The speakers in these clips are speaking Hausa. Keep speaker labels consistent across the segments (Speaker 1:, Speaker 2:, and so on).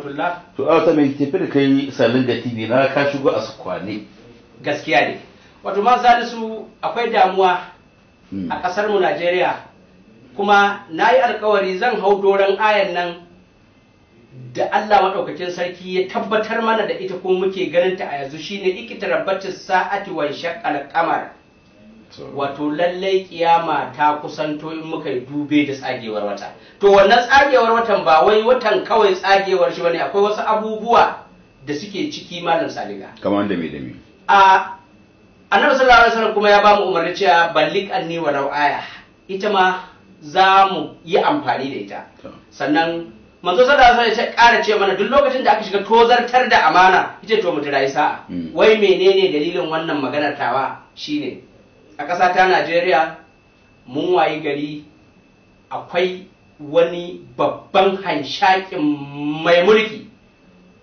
Speaker 1: rahmatullah to a wata mai tafi da kai ga tv na ka shigo a sukwane gaskiya ne wato ma salisu akwai damuwa hmm. a ƙasar mu najeriya kuma na yi alkawari zan hau doron ayan nan da Allah maɗaukacin sarki ya tabbatar mana da ita ko muke ganin ta a yanzu shine ikitar rabbatin sa'ati wa shaqqal qamar wato lallai kiyama ta kusanto in muka yi dube da tsagewar wata to wannan tsagewar watan ba wai watan kawai tsagewar shi bane akwai wasu abubuwa da suke ciki malam saliga
Speaker 2: kamar da me da me
Speaker 1: a annabi sallallahu alaihi wasallam kuma ya ba mu umarni cewa ballik anni wa aya ita ma za mu yi amfani da ita sannan manzo sallallahu alaihi wasallam ya ƙara ce mana duk lokacin da aka shiga tozartar da amana yace to mutu tirayi sa'a hmm. wai menene dalilin wannan maganar tawa shine a ƙasa ta najeriya mun wayi gari akwai wani babban hanshakin mai mulki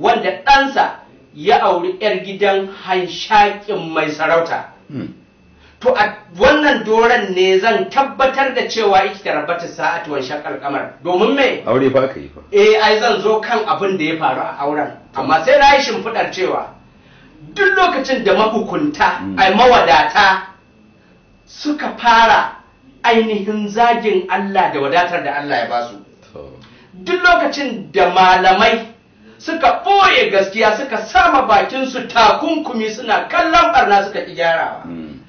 Speaker 1: wanda ɗansa ya auri 'yar gidan hanshakin mai sarauta hmm. to a wannan doron ne zan tabbatar da cewa iki da rabata sa'at wan kamar domin me
Speaker 2: aure ba ka yi fa
Speaker 1: eh ai zan zo kan abin da ya faru a auren amma sai na yi shimfiɗar cewa duk lokacin da mahukunta hmm. ai mawadata suka fara ainihin zagin Allah da wadatar da Allah ya basu duk lokacin da malamai suka ɓoye gaskiya suka sama bakinsu takunkumi suna kallon barna suka ƙi gyarawa hmm.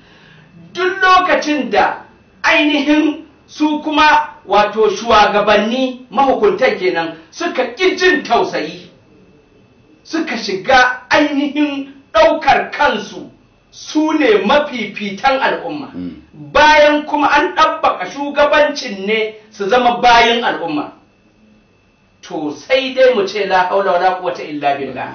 Speaker 1: duk lokacin da ainihin su kuma wato shugabanni mahukuntan kenan suka ƙi jin tausayi suka shiga ainihin ɗaukar kansu su ne mafifitan al'umma hmm. bayan kuma an ɗabbaka shugabancin ne su zama bayan al'umma to sai dai mu ce la haula wala quwwata illa billah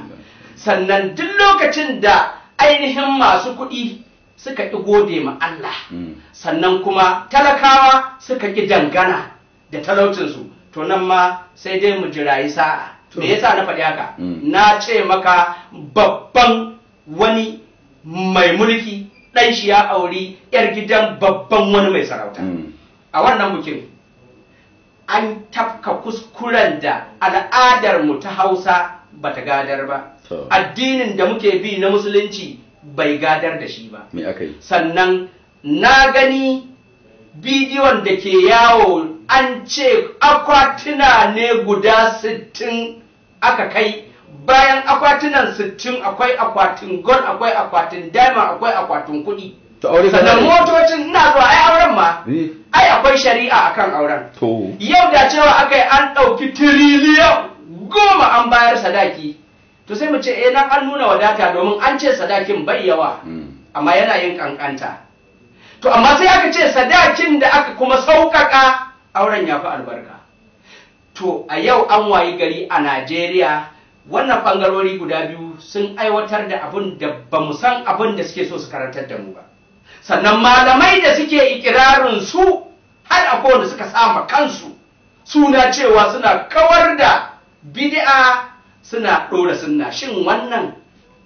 Speaker 1: sannan duk lokacin da ainihin masu kuɗi suka ƙi gode ma Allah hmm. sannan kuma talakawa suka ƙi dangana da talaucinsu to nan ma sai dai mu jirayi sa'a me yasa na faɗi haka hmm. na ce maka babban wani mai mulki ɗan shi ya auri yar gidan babban wani mai sarauta hmm. a wannan bukin an tafka kuskuren da al'adar mu ta hausa ba ta gadar ba addinin da muke bi na musulunci bai gadar da shi ba sannan na gani bidiyon da ke yawo an ce akwatuna ne guda sittin aka kai bayan akwatunan sittin akwai akwatin gold akwai akwatin diamond akwai akwatin kuɗi sannan motocin na zuwa ai auren ma ai akwai shari'a akan auren yau da cewa aka an ɗauki tiriliyan goma an bayar sadaki to sai mu ce eh nan an nuna wadata domin an ce sadakin bai yawa hmm. amma yana yin kankanta to amma sai aka ce sadakin da aka kuma sauƙaƙa auren ya fi albarka to a yau an wayi gari a najeriya wannan bangarori guda biyu sun aiwatar da abin da ba mu san abin da suke so su karantar da mu ba
Speaker 2: sannan malamai da suke ikirarin su
Speaker 1: har akwai wanda suka sama kansu suna cewa suna kawar da bidi'a suna ɗora sunna shin wannan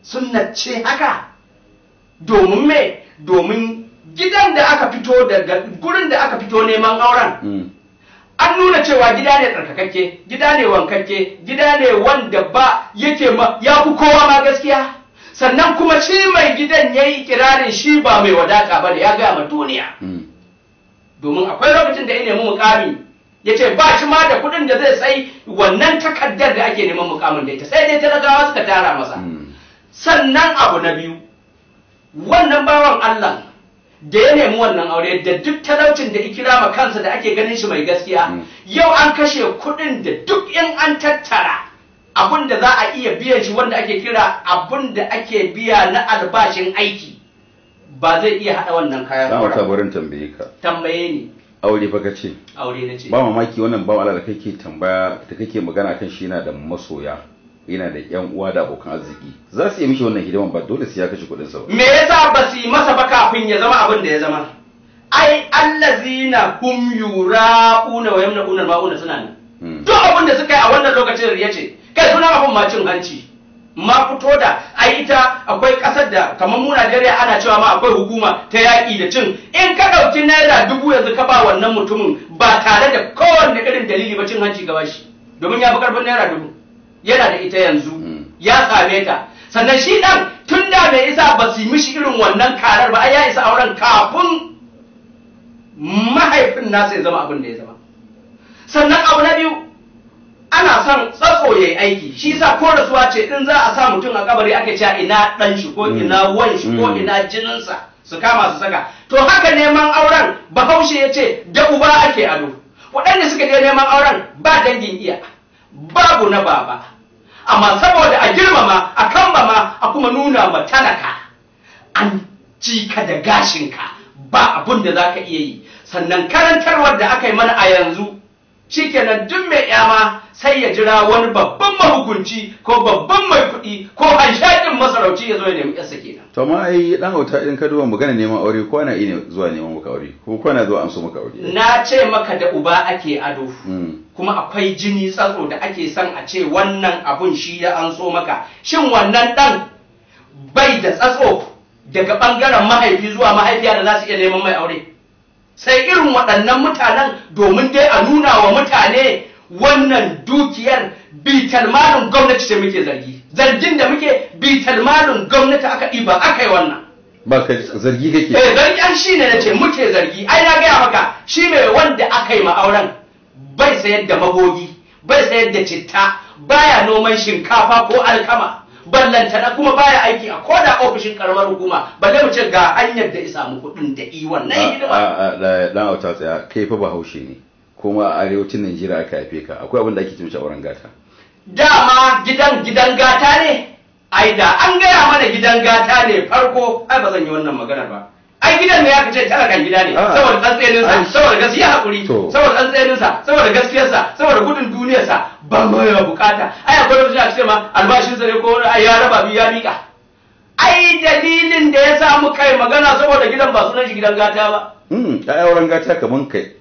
Speaker 1: sunna ce haka domin me domin gidan da aka fito daga gurin da aka fito neman auren hmm. an nuna cewa gida ne tsarkakakke gida ne wankakke gida ne wanda ba yake ya fi kowa ma gaskiya sannan kuma shi mai gidan ya yi kirarin shi ba mai wadata ba da ya gaya ma duniya hmm. domin akwai lokacin da ya nemi mukami ya ce ba shi ma da kuɗin da zai sai wannan takardar da ake neman mukamin da ita sai dai talagawa suka tara masa hmm. sannan abu na biyu wannan bawan allah da ya nemi wannan aure da duk talaucin da ikira ma kansa da ake ganin shi mai gaskiya mm. yau an kashe kuɗin da duk in an tattara abin da za a iya biyan shi wanda ake kira abin da ake biya na albashin aiki ba zai iya haɗa wannan kayan ba. Za barin tambaye ka. Tambaye ni.
Speaker 2: Aure baka ce. Aure na ce. Ba mamaki wannan ba ala da kake tambaya da kake magana kan shi yana da masoya. yana da yan uwa da abokan arziki za su yi mishi wannan hidiman ba dole sai ya kashe kuɗin sa me yasa
Speaker 1: ba su yi masa ba kafin ya zama abin da ya zama ai allazina hum yura'una wa yamna'una ma'una suna nan hmm. duk abin da suka yi a wannan lokacin riya ce kai suna abin ma cin hanci ma fito da ai ta akwai kasar da kamar mu Najeriya ana cewa ma akwai hukuma ta yaƙi da cin in ka ɗauki naira dubu yanzu ka ba wannan mutumin ba tare da kowanne irin dalili ba cin hanci gaba shi domin ya fi karfin naira dubu yana da ita yanzu hmm. ya same ta sannan shi ɗan tun da bai isa ba su yi mishi irin wannan karar ba ai ya isa auren kafin mahaifin nasa ya zama abin da ya zama sannan abu na biyu ana son tsatso ya yi aiki shi sa ko rasuwa ce in za a sa mutum a kabari ake cewa ina ɗan shi ko hmm. ina wan shi ko hmm. ina jininsa su kama su saka to haka neman auren bahaushe ya ce da uba ake ado waɗanda suka je neman auren ba dangin iya babu na baba amma saboda a girmama a kambama a kuma nuna ma talaka an ci ka da gashinka ba abun da za ka iya yi sannan karantarwar da aka yi mana a yanzu shikenan duk mai yama sai ya jira wani babban mahukunci ko babban mai kuɗi ko hanshakin masarauci ya zo ya nemi yasa kenan
Speaker 2: to ma ai dan hauta in ka duba magana neman aure ko na iya zuwa neman maka aure ko ko na zuwa amsu maka aure
Speaker 1: na ce maka da uba ake ado
Speaker 2: hmm.
Speaker 1: kuma akwai jini tsatso da ake son a ce wannan abun shi ya anso maka shin wannan dan bai da tsatso daga bangaren mahaifi zuwa mahaifiya da za su iya neman mai aure sai irin waɗannan mutanen domin dai a nuna wa mutane wannan dukiyar bitar gwamnati ce muke zargi zargin da muke bitar gwamnati aka ɗiba aka yi wannan
Speaker 2: ba ka zargi kake eh
Speaker 1: zargi an na nace muke zargi ai na gaya maka shi ne wanda aka yi ma'auran, bai sayar da magogi bai sayar da citta baya noman shinkafa ko alkama ballantana kuma baya aiki a koda ofishin karamar hukuma balle mu ce ga hanyar da isa mu kudin da i wannan hidima
Speaker 2: dan auta tsaya kai fa bahaushe ne kuma a arewacin Najeriya aka haife ka akwai abin da ake cewa auren gata
Speaker 1: dama gidan gidan gata ne ai da an gaya mana gidan gata ne farko ai ba zan yi wannan maganar ba ai gidan ne ya fice talakan gida ne saboda tsantseninsa saboda gaskiya hakuri saboda tsantseninsa saboda gaskiyarsa saboda gudun duniyarsa ba mu ya bukata ai akwai lokacin a ce ma albashin sa ne ko ya raba biyu ya mika ai dalilin da ya samu kai magana saboda gidan ba sunan shi gidan gata ba
Speaker 2: mm ai auren gata kaman kai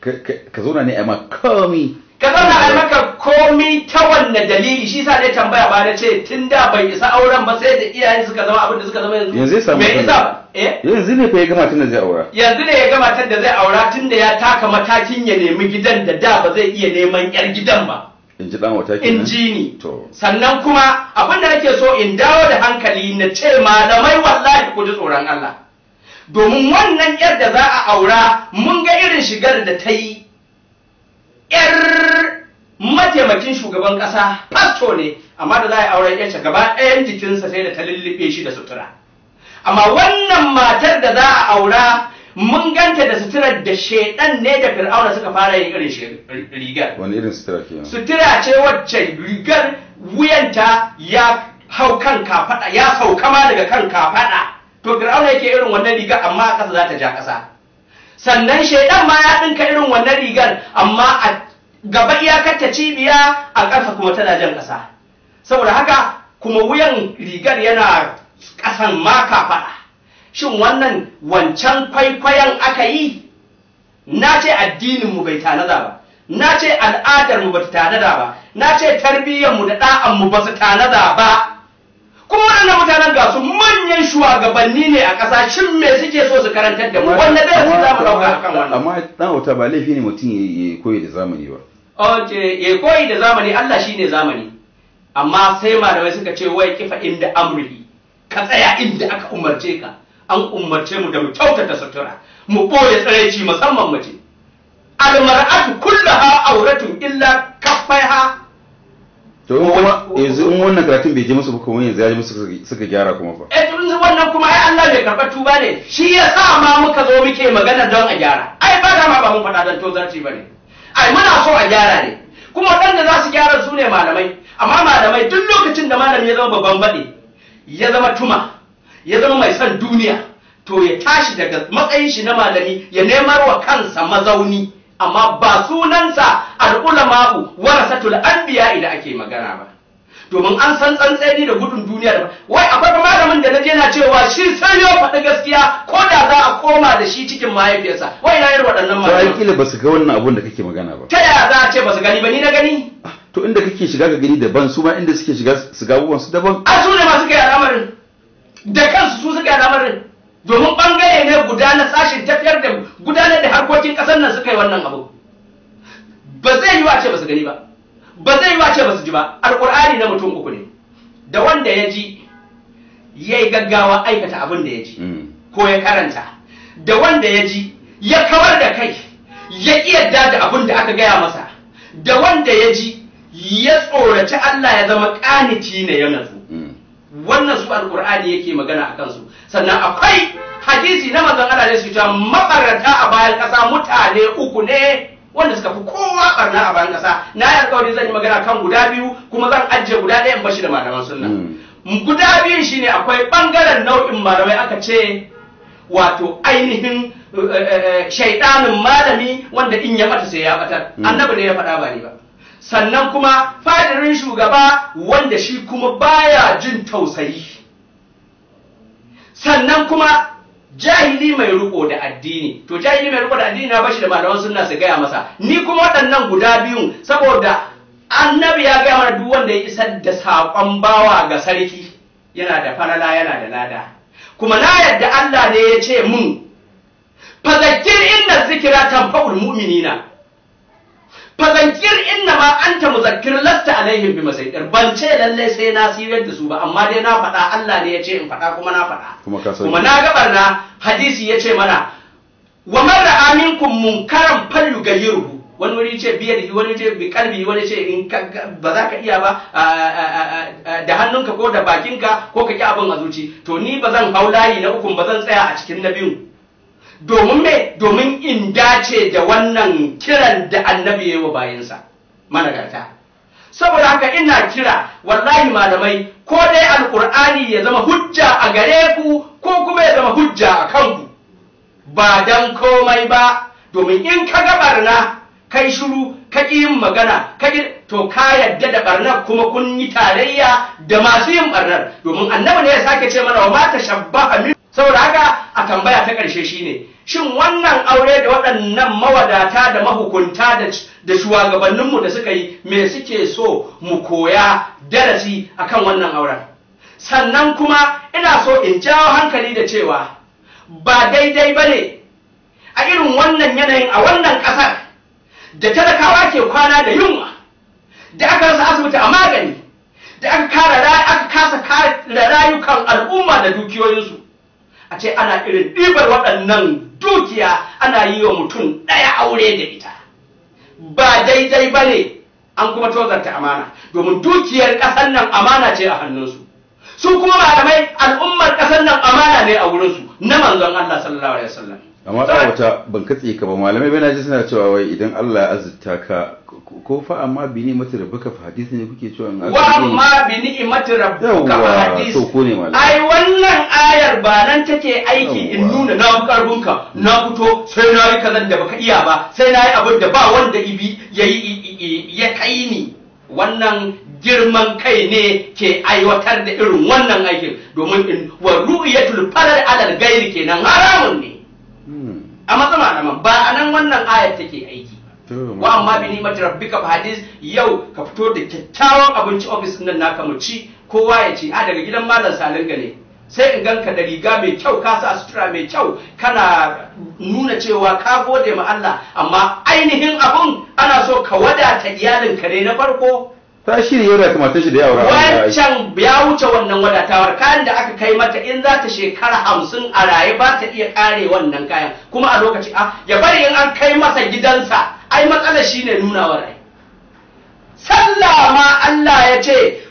Speaker 2: ka zauna ne ai ma komi
Speaker 1: ka zauna ai maka komi ta wanne dalili shi sa ne tambaya ba na ce tun da bai isa auren ba sai da iyayen suka zama abin da suka zama yanzu yanzu ya samu isa eh?
Speaker 2: yanzu ne fa ya gama tun da zai aura
Speaker 1: yanzu ne ya gama tun da zai aura tun da ya taka matakin ya nemi gidan da da ba zai iya neman yar gidan ba
Speaker 2: in ji dan wata in ji ni
Speaker 1: sannan kuma abin da nake so in dawo da hankali na ce malamai wallahi ku ji tsoron Allah domin wannan yar da za a aura mun ga irin shigar da ta yi yar mataimakin shugaban kasa pasto ne amma da za a aure yace, gaba ɗayan jikinsa sai da ta lullube shi da sutura amma wannan matar da za a aura mun ganta da suturar da shedan ne da fir'auna suka fara yin irin
Speaker 2: rigar wani irin sutura ke
Speaker 1: sutura ce wacce rigar wuyanta ya hau kan kafada ya sau kama daga kan kafada to fir'auna yake irin wannan rigar amma a ƙasa za ta ja ƙasa sannan shedan ma ya ɗinka irin wannan rigar amma a gaba iyakar ta cibiya a ƙasa kuma tana jan ƙasa saboda haka kuma wuyan rigar yana ƙasan ma kafada shin wannan wancan kwaikwayon aka yi na ce addininmu bai tanada ba na ce al'adarmu ba ta tanada ba na ce tarbiyyarmu da ɗa'anmu ba su tanada ba kuma waɗannan mutanen ga su manyan shugabanni ne a ƙasa shin me suke so su karantar da mu wanda da su zamu dauka akan wannan
Speaker 2: amma dan wata ba laifi ne mutum ya koyi da zamani ba
Speaker 1: oje ya koyi da zamani Allah shine zamani amma sai malamai suka ce wai kifa inda amri ka tsaya inda aka umarce ka an umarce mu da mu kyautata sutura mu ɓoye tsiraici musamman mace almar'atu kullaha auratun illa kaffaiha
Speaker 2: to kuma yanzu in wannan karatun bai je musu ba kuma yanzu ya je musu suka gyara kuma fa
Speaker 1: eh tun wannan kuma ai Allah bai karɓar tuba ne shi ya sa ma muka zo muke magana don a gyara ai ba da ma ba mun faɗa don tozarci ba ne ai muna so a gyara ne kuma da za su gyara su ne malamai amma malamai duk lokacin da malami ya zama babban baɗi ya zama tuma ya zama mai son duniya to ya tashi daga matsayin shi na malami ya nemar wa kansa mazauni amma ba sunansa al'ulama'u warasatul anbiya idan ake magana ba domin an san tsantseni da gudun duniya da wai akwai malamin da naje na cewa shi sai ya faɗi gaskiya ko da za a koma da shi cikin mahaifiyarsa wai na yin waɗannan malamin to
Speaker 2: kila basu ga wannan abun da kake magana ba ta
Speaker 1: yaya za a ce basu gani ba ni na gani
Speaker 2: ah, to inda kake shiga ga gani daban su ma inda suke shiga su ga su daban
Speaker 1: a su ne masu kai al'amarin da kansu su suka lamarin domin bangare ne guda na sashin tafiyar da gudanar da harkokin kasar nan suka yi wannan abu ba zai yi wace ba su gani ba ba zai yi wace ba su ji ba alkur'ani na mutum uku ne da wanda ya ji ya yi gaggawa aikata abin da ya ji hmm. ko ya karanta da wanda ya ji ya kawar da kai ya iya da abin da aka gaya masa da wanda ya ji ya tsoraci Allah ya zama ƙaniki ne ya wannan su Alƙur'ani yake magana a kansu. sannan akwai hadisi na manzon Allah ne su ta mabarata a bayan ƙasa mutane uku ne wanda suka fi kowa ɓarna a bayan ƙasa. na yi alƙawari zan yi magana kan guda biyu kuma zan ajiye guda ɗaya in bashi da malaman
Speaker 2: sunna hmm.
Speaker 1: guda biyun shine akwai ɓangaren nau'in malamai aka ce wato ainihin eh, eh, eh, shaidanin malami wanda in ya ɓata sai ya batar hmm. annabi ne ya faɗa ba ni ba sannan kuma fadarin shugaba wanda shi kuma baya jin tausayi sannan kuma jahili mai riko da addini to jahili mai riko da addini na bashi da malaman sunna su gaya masa ni kuma waɗannan guda biyu saboda annabi ya gaya mana duk wanda ya isar da saƙon bawa ga sarki yana da falala yana da lada kuma na yadda Allah ne ya ce mun fazakir inna zikira tanfa'ul mu'minina in inna ma ta muzakkir lasta alaihim bi masaidir ban ce lallai sai na siyar da su ba amma dai na faɗa Allah ne ya ce in faɗa kuma na
Speaker 2: faɗa kuma na gabar
Speaker 1: na hadisi ya ce mana wa man ra'a minkum munkaran falyughayyirhu wani wuri ce biyar wani ce bi kalbi wani ce in ba za ka iya ba da hannunka ko da bakinka ko ka ki abin a zuci to ni ba zan hau layi na ukun ba zan tsaya a cikin na biyu domin me domin in dace da wannan kiran da annabi ya yi wa bayansa managarta saboda haka ina kira wallahi malamai ko dai alkur'ani ya zama hujja a gare ku ko kuma ya zama hujja a kanku ba dan komai ba domin in ka ga barna kai shiru ka ƙi yin magana ka to ka yadda da barnar kuma kun yi tarayya da masu yin barnar domin annabi ne ya sake ce mana wa mata shabba min saboda haka a tambaya ta ƙarshe shine shin wannan aure da waɗannan mawadata da mahukunta da shugabanninmu da suka yi me suke so mu koya darasi akan wannan auren sannan kuma ina so in jawo hankali da cewa ba daidai ba ne a irin wannan yanayin a wannan ƙasar da talakawa ke kwana da yunwa da aka rasa asibiti a magani da aka kasa kare rayukan al'umma da dukiyoyinsu a ce ana irin ɗibar waɗannan dukiya ana yi wa mutum ɗaya aure da ita ba daidai ba ne an kuma tozarta amana domin dukiyar ƙasar nan amana ce a hannunsu su kuma malamai al'ummar ƙasar nan amana ne a wurinsu na manzon Allah sallallahu alaihi wasallam
Speaker 2: amma wata ban katse ka ba malamai bai naji suna cewa wai idan Allah ya azurta ka ko fa amma bi ni mata rabbaka fa hadisi ne kuke cewa in wa amma
Speaker 1: bi ni mata rabbaka fa hadisi to
Speaker 2: ko ne malamai ai
Speaker 1: wannan ayar ba nan take aiki in nuna na karbun ka na fito sai na yi kazan da baka iya ba sai na yi abin da ba wanda ibi yayi ya kai ni wannan girman kai ne ke aiwatar da irin wannan aikin domin in wa ru'yatul falal alal gairi kenan haramun ne a matsala na ba a nan wannan ayar take aiki wa amma bi ni'mati rabbika hadis yau ka fito da kyakkyawan abinci ofis nan naka mu ci kowa ya ce a daga gidan mallam salin ne sai in ganka da riga mai kyau ka sa sutura mai kyau kana nuna cewa ka gode ma Allah amma ainihin abun ana so ka wadata iyalin ka ne na farko
Speaker 2: ta shi ne kuma ta shi da yawa wancan
Speaker 1: ya wuce wannan wadatawar kayan da aka kai mata in za ta shekara hamsin a raye ba ta iya kare wannan kayan kuma a lokaci a ya bari in an kai masa gidansa ai matsalar shi ne nuna wa rai sallah ma Allah ya ce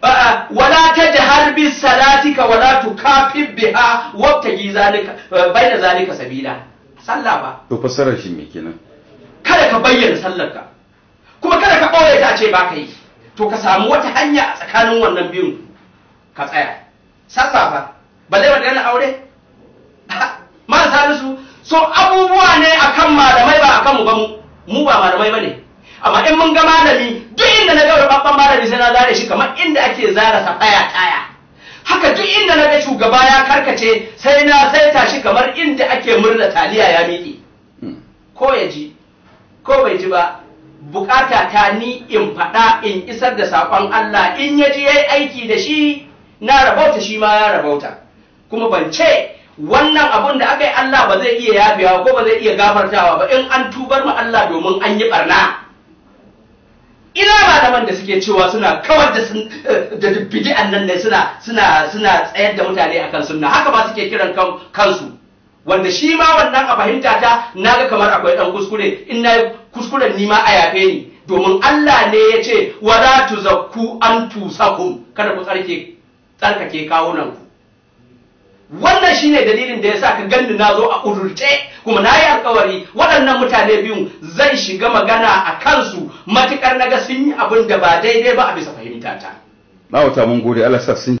Speaker 1: wala ta ji harbi salatika wala tu fi biha wabtagi zalika baina zalika sabila sallah ba
Speaker 2: to fassarar shi me kenan
Speaker 1: kada ka bayyana sallarka kuma kada ka ɓoye ta ce ba ka yi to ka samu wata hanya a tsakanin wannan biyun ka tsaya sassafa ba zai balle ganin aure ma salisu so abubuwa ne akan malamai ba kan mu ba mu mu ba malamai ba ne. amma in mun ga malami duk inda na ga babban malami sai na zare shi kamar inda ake zara sa taya taya haka duk inda na ga shugaba ya karkace sai na saita shi kamar inda ake murna taliya ya miƙe hmm. ko ya ji ko bai ji ba bukata ta ni in faɗa in isar da sakon Allah in ya ji ya yi aiki da shi na rabauta shi ma ya rabauta kuma ban ce wannan abun da aka yi Allah ba zai iya yabewa ko ba zai iya gafartawa ba in an tubar ma Allah domin an yi barna ina malaman da suke cewa suna kawar da da bidi'an nan ne suna suna suna tsayar da mutane akan sunna haka ba suke kiran kansu wanda shi ma wannan a fahimta ta na ga kamar akwai ɗan kuskure in na kuskuren nima a yafe ni domin Allah ne ya ce wa za an tu antusakum kada ku tsarke tsarkake kawunan ku wannan ne dalilin da ya sa ka ganni na zo a ƙudurce kuma na yi alkawari waɗannan mutane biyu zai shiga magana
Speaker 2: a kansu matukar ga sun yi abin da ba daidai ba a bisa fahimta ta na wata mun gode Allah sa